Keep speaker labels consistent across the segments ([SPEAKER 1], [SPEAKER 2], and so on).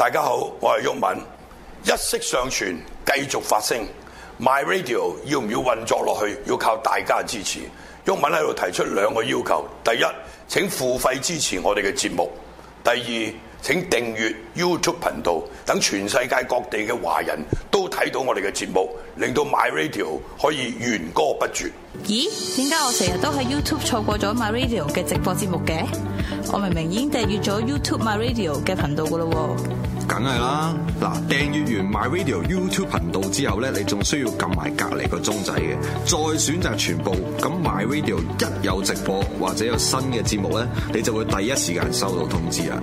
[SPEAKER 1] 大家好，我係毓民，一息尚存，繼續發聲。My Radio 要唔要運作落去？要靠大家支持。毓民喺度提出兩個要求：第一，請付費支持我哋嘅節目；第二，請訂閱 YouTube 頻道，等全世界各地嘅華人都睇到我哋嘅節目，令到 My Radio 可以弦歌不絕。咦？點解我成日都喺 YouTube 錯過咗 My Radio 嘅直播節目嘅？我明明已經訂閱咗 YouTube My Radio 嘅頻道噶啦喎。梗係啦，嗱，訂閱完 My Radio YouTube 頻道之後咧，你仲需要撳埋隔離個鐘仔嘅，再選擇全部。咁 My Radio 一有直播或者有新嘅節目咧，你就會第一時間收到通知啊！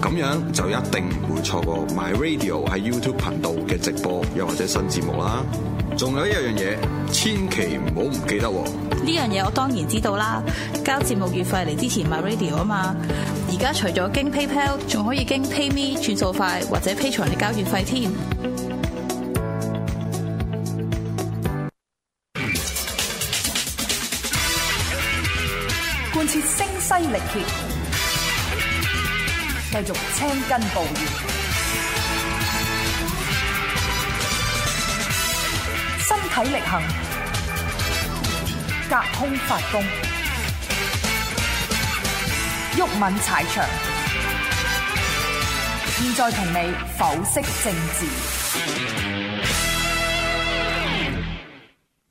[SPEAKER 1] 咁樣就一定唔會錯過 My Radio 喺 YouTube 頻道嘅直播，又或者新節目啦。仲有一樣嘢，千祈唔好唔記得。呢樣嘢我當然知道啦，交節目月費嚟支持 My Radio 啊嘛。而家除咗經 PayPal，仲可以經 PayMe 轉數快，或者 Patreon 嚟交月費添。貫徹聲嘶力竭。繼續青筋暴現，身體力行，隔空發功，毓民踩場。現在同你剖析政治。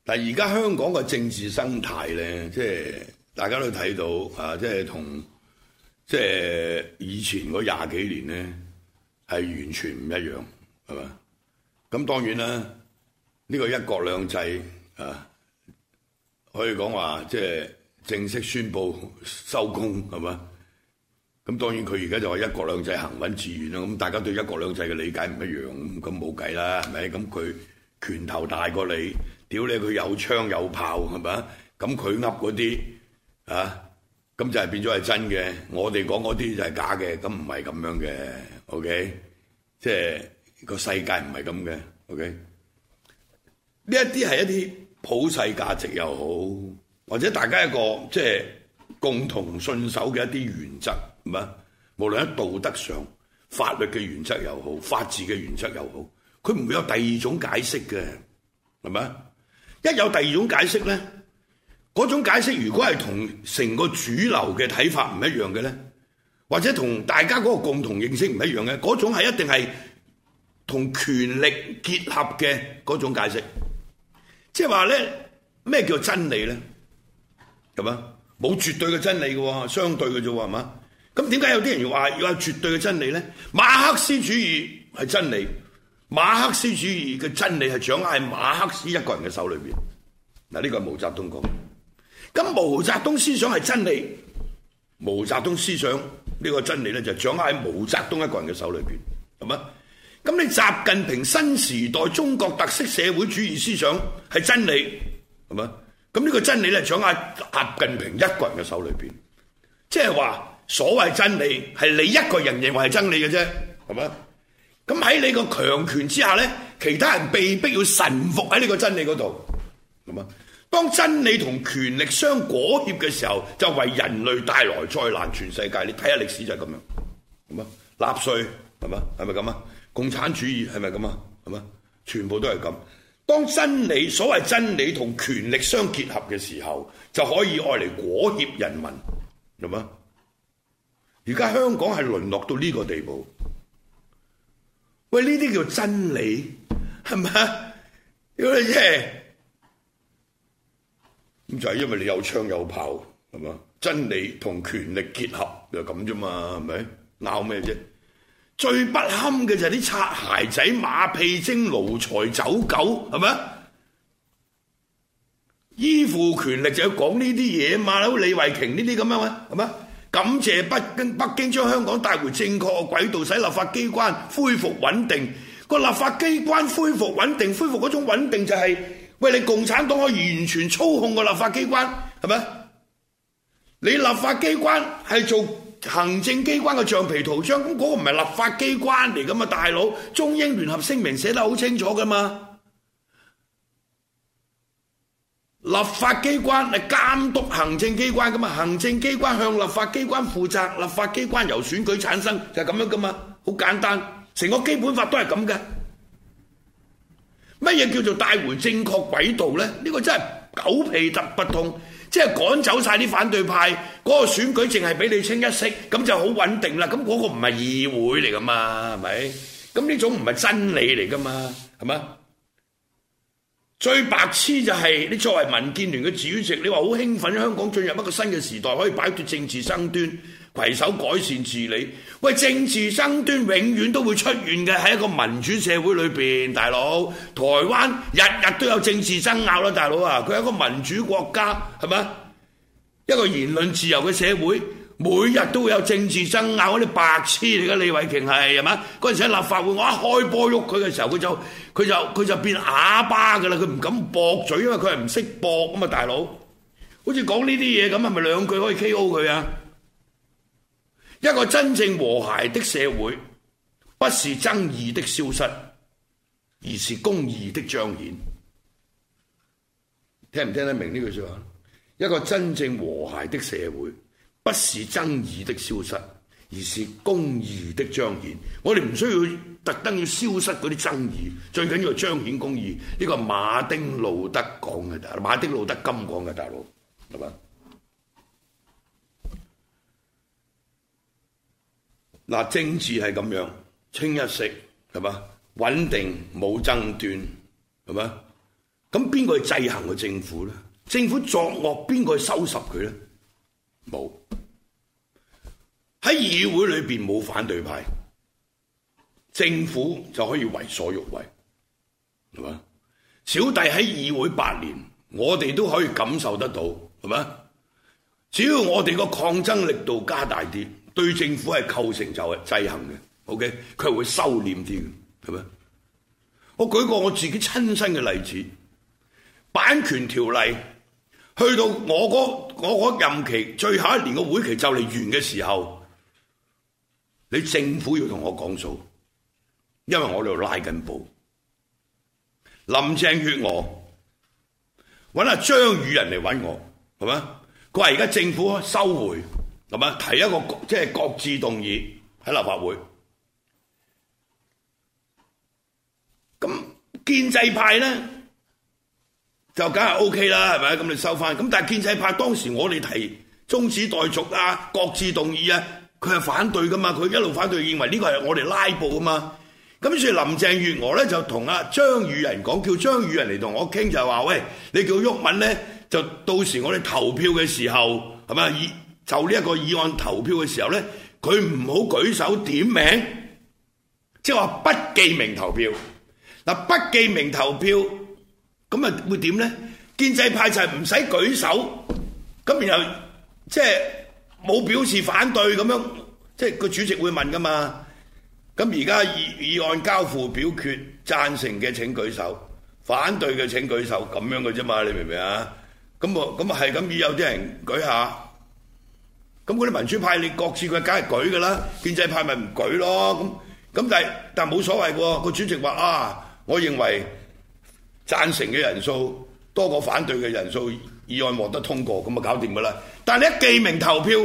[SPEAKER 1] 但係而家香港嘅政治生態咧，即係大家都睇到啊，即係同。即係以前嗰廿幾年咧，係完全唔一樣，係嘛？咁當然啦，呢個一國兩制啊，可以講話即係正式宣布收工，係嘛？咁當然佢而家就話一國兩制行穩致遠啦。咁大家對一國兩制嘅理解唔一樣，咁冇計啦，係咪？咁佢拳頭大過你，屌你佢有槍有炮，係咪？咁佢噏嗰啲啊！咁就係變咗係真嘅，我哋講嗰啲就係假嘅，咁唔係咁樣嘅，OK？即係個世界唔係咁嘅，OK？呢一啲係一啲普世價值又好，或者大家一個即係、就是、共同信守嘅一啲原則，係嘛？無無論喺道德上、法律嘅原則又好、法治嘅原則又好，佢唔會有第二種解釋嘅，係咪？一有第二種解釋咧？嗰種解釋如果係同成個主流嘅睇法唔一樣嘅咧，或者同大家嗰個共同認識唔一樣嘅，嗰種係一定係同權力結合嘅嗰種解釋。即係話咧，咩叫真理咧？係嘛，冇絕對嘅真理嘅，相對嘅啫喎，係嘛？咁點解有啲人話要有絕對嘅真理咧？馬克思主義係真理，馬克思主義嘅真理係掌握喺馬克思一個人嘅手裏面。嗱，呢個係毛澤東講。咁毛澤東思想係真理，毛澤東思想呢個真理咧就掌握喺毛澤東一個人嘅手裏邊，係嘛？咁你習近平新時代中國特色社會主義思想係真理，係嘛？咁呢個真理咧掌握喺習近平一個人嘅手裏邊，即係話所謂真理係你一個人認為係真理嘅啫，係嘛？咁喺你個強權之下咧，其他人被逼要臣服喺呢個真理嗰度，係嘛？當真理同權力相裹挾嘅時候，就為人類帶來災難，全世界你睇下歷史就係咁樣，咁啊，納粹係嘛，係咪咁啊？共產主義係咪咁啊？係嘛，全部都係咁。當真理、所謂真理同權力相結合嘅時候，就可以愛嚟裹挾人民，係嘛？而家香港係淪落到呢個地步，喂，呢啲叫真理係咪？妖你耶！咁就係、是、因為你有槍有炮，係嘛？真理同權力結合就咁啫嘛，係咪？鬧咩啫？最不堪嘅就係啲擦鞋仔、馬屁精、奴才、走狗，係咪？依附權力就要講呢啲嘢，嘛，好似李慧瓊呢啲咁樣啊，係咪？感謝北北京將香港帶回正確嘅軌道，使立法機關恢復穩定。嗰個立法機關恢復穩定，恢復嗰種穩定就係、是。喂，你共產黨可以完全操控個立法機關，係咪？你立法機關係做行政機關嘅橡皮圖章，咁嗰個唔係立法機關嚟㗎嘛，大佬？中英聯合聲明寫得好清楚㗎嘛，立法機關係監督行政機關㗎嘛，行政機關向立法機關負責，立法機關由選舉產生，就係咁樣㗎嘛，好簡單，成個基本法都係咁㗎。乜嘢叫做帶回正確軌道呢？呢、呢個真係狗屁特不通，即係趕走晒啲反對派，嗰、嗰個選舉淨係俾你清一色，咁就好穩定啦。咁、嗰、嗰個唔係議會嚟噶嘛，係咪？咁呢種唔係真理嚟噶嘛，係嘛？最白痴就係、係、你作為民建聯嘅主席，你話好興奮，香港進入一個新嘅時代，可以擺脱政治爭端。攜手改善治理，喂！政治爭端永遠都會出現嘅，喺一個民主社會裏邊，大佬台灣日日都有政治爭拗啦，大佬啊！佢係一個民主國家，係咪？一個言論自由嘅社會，每日都會有政治爭拗，嗰啲白痴嚟噶。李慧瓊係係嘛？嗰陣時喺立法會，我一開波喐佢嘅時候，佢就佢就佢就變啞巴噶啦，佢唔敢駁嘴，因為佢係唔識駁吖嘛。大佬，好似講呢啲嘢咁，係咪兩句可以 K.O. 佢啊？一個真正和諧的社會，不是爭議的消失，而是公義的彰顯。聽唔聽得明呢句說話？一個真正和諧的社會，不是爭議的消失，而是公義的彰顯。我哋唔需要特登要消失嗰啲爭議，最緊要彰顯公義。呢、這個馬丁路德講嘅大佬，馬丁路德金講嘅大佬，嗱，政治係咁樣清一色，係嘛？穩定冇爭端，係嘛？咁邊個去制衡嘅政府咧？政府作惡，邊個去收拾佢咧？冇喺議會裏面冇反對派，政府就可以為所欲為，係嘛？小弟喺議會八年，我哋都可以感受得到，係嘛？只要我哋個抗爭力度加大啲，對政府係構成就係制衡嘅，OK，佢係會收斂啲嘅，係咪？我舉個我自己親身嘅例子，版權條例去到我嗰我嗰任期最後一年嘅會期就嚟完嘅時候，你政府要同我講數，因為我喺度拉緊布，林鄭月娥揾阿張宇人嚟揾我，係咪？佢話而家政府收回。咁啊，提一個即係各自動議喺立法會。咁建制派呢就梗係 O K 啦，係咪？咁你收翻。咁但係建制派當時我哋提中止待續啊，各自動議啊，佢係反對噶嘛。佢一路反對，認為呢個係我哋拉布㗎嘛。咁所以林鄭月娥呢，就同阿張宇人講，叫張宇人嚟同我傾，就係、是、話：喂，你叫毓民呢，就到時我哋投票嘅時候，係咪以？就呢一個議案投票嘅時候咧，佢唔好舉手點名，即係話不記名投票。嗱，不記名投票咁啊會點咧？建制派就係唔使舉手，咁然後即係冇表示反對咁樣，即係個主席會問噶嘛。咁而家議議案交付表決，贊成嘅請舉手，反對嘅請舉手，咁樣嘅啫嘛，你明唔明啊？咁啊咁啊係咁，如果有啲人舉下。咁嗰啲民主派你各自佢梗係舉㗎啦，建制派咪唔舉咯。咁咁但係但係冇所謂喎。個主席話啊，我認為贊成嘅人數多過反對嘅人數，議案獲得通過，咁咪搞掂㗎啦。但係你一記名投票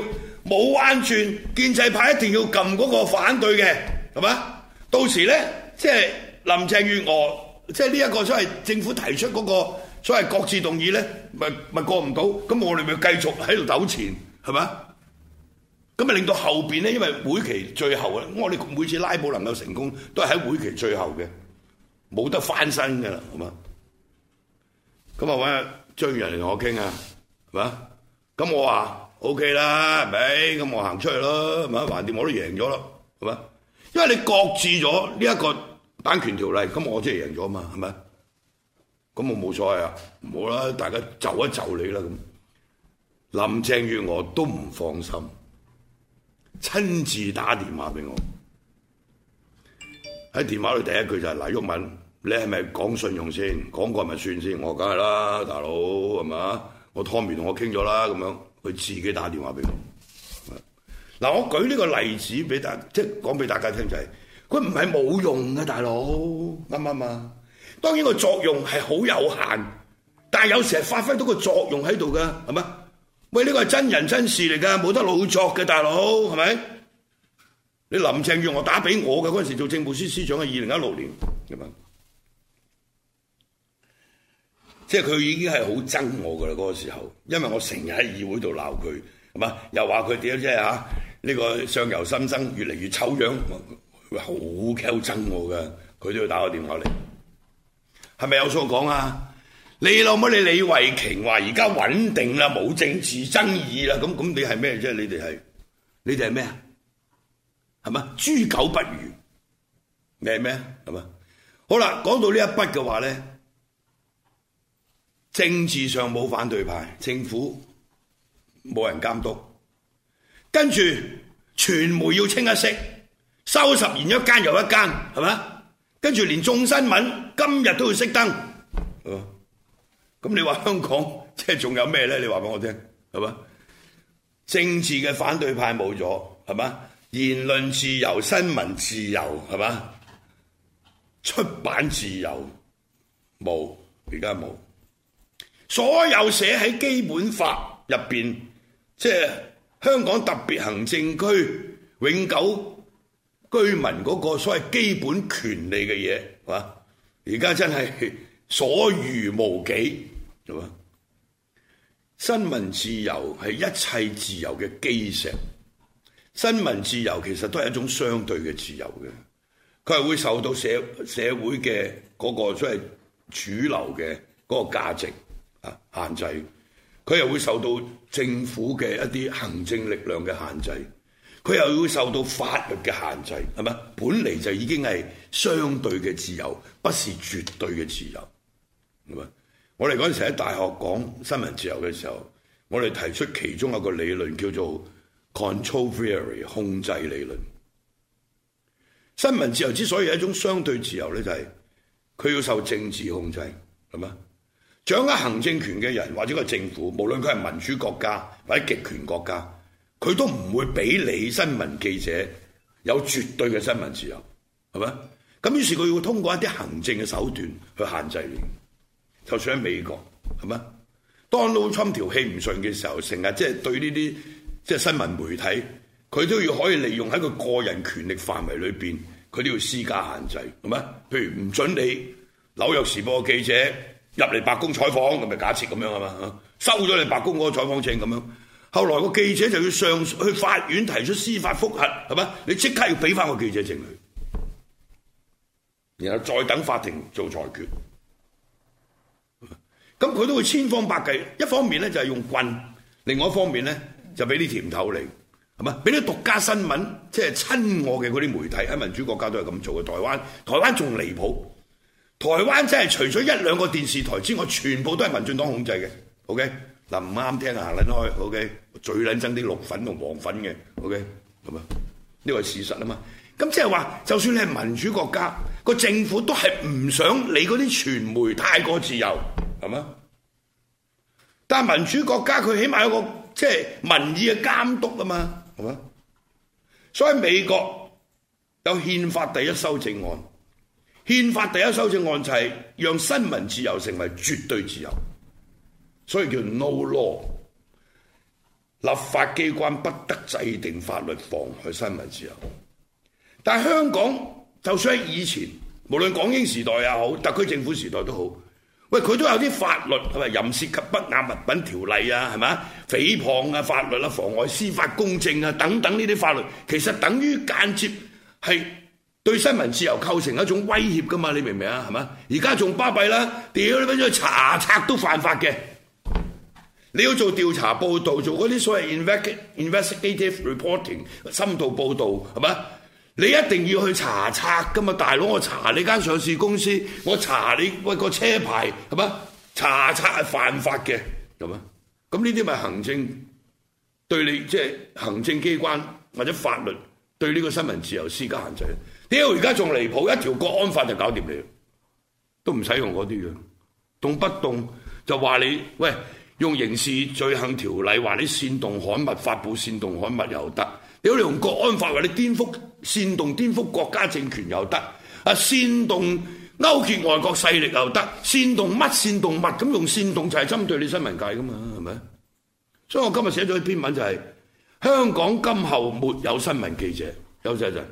[SPEAKER 1] 冇彎轉，建制派一定要撳嗰個反對嘅係嘛？到時咧，即係林鄭月娥，即係呢一個所謂政府提出嗰個所謂各自動議咧，咪咪過唔到，咁我哋咪繼續喺度糾纏係嘛？咁咪令到後邊咧，因為會期最後咧，我哋每次拉布能夠成功，都係喺會期最後嘅，冇得翻身㗎喇，係嘛？咁我揾阿張宇人嚟同我傾啊，係嘛？咁我話 OK 啦，係咪？咁我行出去咯，係咪？橫掂我都贏咗咯，係嘛？因為你擱置咗呢一個版權條例，咁我即係贏咗啊嘛，係咪？咁我冇所謂啊，冇啦，大家就一就你啦咁。林鄭月娥都唔放心。親自打電話俾我，喺電話裏第一句就係、是：嗱，毓民：「你係咪講信用先？講過咪算先。我梗係啦，大佬，係嘛？我 Tommy 同我傾咗啦，咁樣佢自己打電話俾我。嗱，我舉呢個例子俾大家，即係講俾大家聽就係、是，佢唔係冇用嘅，大佬，啱唔啱啊？當然這個作用係好有限，但係有時係發揮到一個作用喺度嘅，係嘛？喂，呢個係真人真事嚟噶，冇得老作嘅大佬，係咪？你林鄭月娥打畀我嘅嗰陣時，做政務司司長係二零一六年，咁啊，即係佢已經係好憎我噶啦嗰個時候，因為我成日喺議會度鬧佢，係嘛，又話佢點即係吓呢個相由心生越嚟越醜樣，好鳩憎我噶，佢都要打個電話嚟，係咪有錯講啊？你老母，你李慧瓊話而家穩定啦，冇政治爭議啦，咁咁你係咩啫？你哋係，你哋係咩啊？係咪豬狗不如？你係咩啊？係咪？好啦，講到呢一筆嘅話咧，政治上冇反對派，政府冇人監督，跟住傳媒要清一色，收拾完一間又一間，係咪啊？跟住連眾新聞今日都要熄燈。咁你話香港即係仲有咩咧？你話俾我聽，係嘛？政治嘅反對派冇咗，係嘛？言論自由、新聞自由，係嘛？出版自由冇，而家冇。所有寫喺基本法入面，即係香港特別行政區永久居民嗰個所謂基本權利嘅嘢，係嘛？而家真係所餘無幾。新聞自由係一切自由嘅基石。新聞自由其實都係一種相對嘅自由嘅，佢係會受到社社會嘅個所謂主流嘅嗰個價值啊限制，佢又會受到政府嘅一啲行政力量嘅限制，佢又會受到法律嘅限制，係咪？本嚟就已經係相對嘅自由，不是絕對嘅自由，係咪？我哋嗰陣時喺大學講新聞自由嘅時候，我哋提出其中一個理論叫做 control theory 控制理論。新聞自由之所以係一種相對自由咧，就係佢要受政治控制，係嘛？掌握行政權嘅人或者個政府，無論佢係民主國家或者極權國家，佢都唔會俾你新聞記者有絕對嘅新聞自由，係嘛？咁於是佢會通過一啲行政嘅手段去限制你。就算喺美國，係咪？當老春條氣唔順嘅時候，成日即係對呢啲即係新聞媒體，佢都要可以利用喺佢個人權力範圍裏邊，佢都要施加限制，係咪？譬如唔准你紐約時報嘅記者入嚟白宮採訪，咁咪假設咁樣啊嘛，收咗你白宮嗰個採訪證咁樣。後來個記者就要上去法院提出司法覆核，係咪？你即刻要俾翻個記者證佢，然後再等法庭做裁決。咁佢都會千方百計，一方面咧就係用棍，另外一方面咧就俾啲甜頭嚟，係咪？俾啲獨家新聞，即係親我嘅嗰啲媒體喺民主國家都係咁做嘅。台灣，台灣仲離譜，台灣真係除咗一兩個電視台之外，全部都係民進黨控制嘅。OK，嗱唔啱聽啊，行撚開。OK，最撚憎啲綠粉同黃粉嘅。OK，咁啊，呢個係事實啊嘛。咁即係話，就算你係民主國家，個政府都係唔想你嗰啲傳媒太過自由。係嘛？但民主國家佢起碼有個即係民意嘅監督啊嘛，係嘛？所以美國有憲法第一修正案，憲法第一修正案就係讓新聞自由成為絕對自由，所以叫 no law，立法機關不得制定法律妨害新聞自由。但香港就算喺以前，無論港英時代也好，特區政府時代都好。喂，佢都有啲法律，係咪？淫褻及不雅物品條例啊，係嘛？誹謗啊，法律啦，妨礙司法公正啊，等等呢啲法律，其實等於間接係對新聞自由構成一種威脅噶嘛？你明唔明啊？係嘛？而家仲巴閉啦，屌你閪，查冊都犯法嘅。你要做調查報導，做嗰啲所謂 invest investigative reporting 深度報導，係嘛？你一定要去查冊噶嘛，大佬我查你間上市公司，我查你喂、個車牌係嘛？查冊係犯法嘅，係嘛？咁呢啲咪行政對你即係、就是、行政機關或者法律對呢個新聞自由施加限制屌，而家仲離譜，一條國安法就搞掂你，都唔使用嗰啲嘅，動不動就話你喂用刑事罪行條例話你煽動刊物、發布煽動刊物又得。屌你用國安法或者顛覆煽動、顛覆國家政權又得，啊煽動勾結外國勢力又得，煽動乜煽動乜，咁用煽動就係針對你新聞界㗎嘛，係咪？所以我今日寫咗一篇文就係、是、香港今後沒有新聞記者，有解唔、就是